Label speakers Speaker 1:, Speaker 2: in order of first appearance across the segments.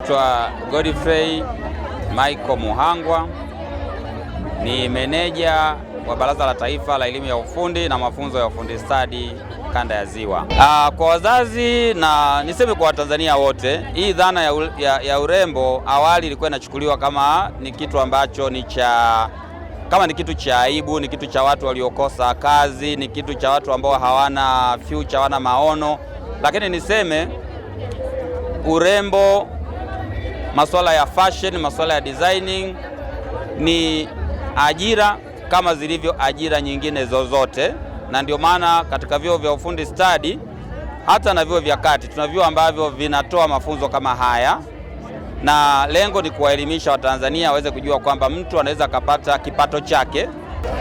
Speaker 1: Naitwa Godfrey Michael Muhangwa ni meneja wa Baraza la Taifa la Elimu ya Ufundi na Mafunzo ya Ufundi Stadi Kanda ya Ziwa. Aa, ah, kwa wazazi na niseme kwa Watanzania wote, hii dhana ya, ya, ya urembo awali ilikuwa inachukuliwa kama ni kitu ambacho ni cha kama ni kitu cha aibu, ni kitu cha watu waliokosa kazi, ni kitu cha watu ambao hawana future, hawana maono, lakini niseme urembo masuala ya fashion, masuala ya designing ni ajira kama zilivyo ajira nyingine zozote, na ndio maana katika vyuo vya ufundi stadi hata na vyuo vya kati tuna vyuo ambavyo vinatoa mafunzo kama haya, na lengo ni kuwaelimisha Watanzania waweze kujua kwamba mtu anaweza akapata kipato chake.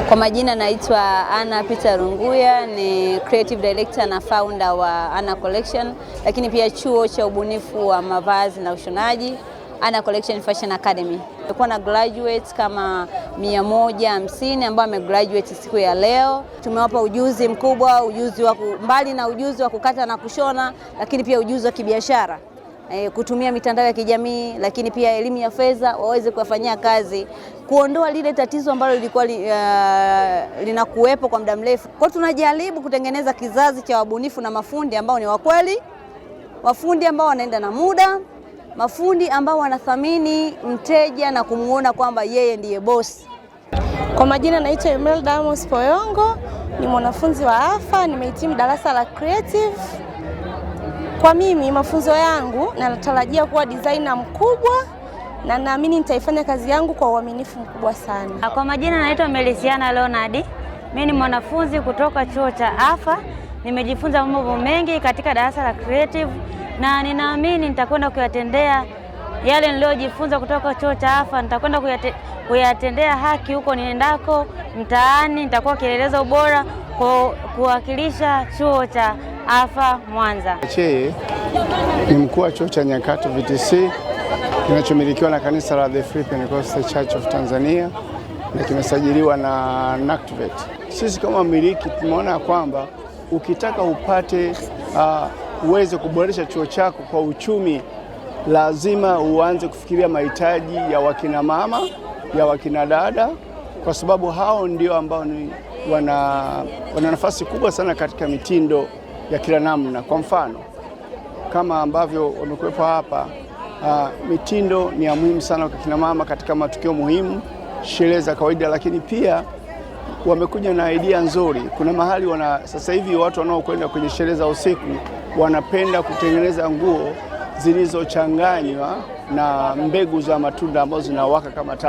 Speaker 2: Kwa majina naitwa Ana Peter Runguya, ni creative director na founder wa Anna Collection, lakini pia chuo cha ubunifu wa mavazi na ushonaji. Ana Collection Fashion Academy.
Speaker 3: Tumekuwa na graduates kama 150 ambao wamegraduate siku ya leo. Tumewapa ujuzi mkubwa, ujuzi wa mbali na ujuzi wa kukata na kushona, lakini pia ujuzi wa kibiashara e, kutumia mitandao ya kijamii, lakini pia elimu ya fedha waweze kuwafanyia kazi, kuondoa lile tatizo ambalo lilikuwa li, uh, linakuwepo kwa muda mrefu.
Speaker 4: Kwa tunajaribu kutengeneza kizazi cha wabunifu na mafundi ambao ni wakweli, wafundi ambao wanaenda na muda mafundi ambao wanathamini mteja na kumwona kwamba yeye ndiye bosi.
Speaker 5: Kwa majina naitwa Imelda Amos Poyongo, ni mwanafunzi wa AFA, nimehitimu darasa la creative. Kwa mimi mafunzo yangu natarajia kuwa designer mkubwa na naamini nitaifanya kazi yangu kwa uaminifu mkubwa sana.
Speaker 6: Ah, kwa majina naitwa Melisiana Leonard. Mimi ni mwanafunzi kutoka chuo cha AFA, nimejifunza mambo mengi katika darasa la creative na ninaamini nitakwenda kuyatendea yale niliyojifunza kutoka chuo cha afa nitakwenda kuyate, kuyatendea haki huko niendako mtaani. Nitakuwa kielelezo bora kwa kuwakilisha chuo cha afa Mwanza.
Speaker 7: Cheye ni mkuu wa chuo cha Nyakato VTC kinachomilikiwa na kanisa la The Free Pentecostal Church of Tanzania na kimesajiliwa na NACTVET. E Sisi kama miliki tumeona kwamba ukitaka upate uh, uweze kuboresha chuo chako kwa uchumi, lazima uanze kufikiria mahitaji ya wakina mama, ya wakina dada, kwa sababu hao ndio ambao ni wana, wana nafasi kubwa sana katika mitindo ya kila namna. Kwa mfano kama ambavyo wamekuwepo hapa uh, mitindo ni ya muhimu sana kwa kina mama katika matukio muhimu, sherehe za kawaida, lakini pia wamekuja na idea nzuri. Kuna mahali wana sasa hivi watu wanaokwenda kwenye sherehe za usiku wanapenda kutengeneza nguo zilizochanganywa na mbegu za matunda ambazo zinawaka kama taa.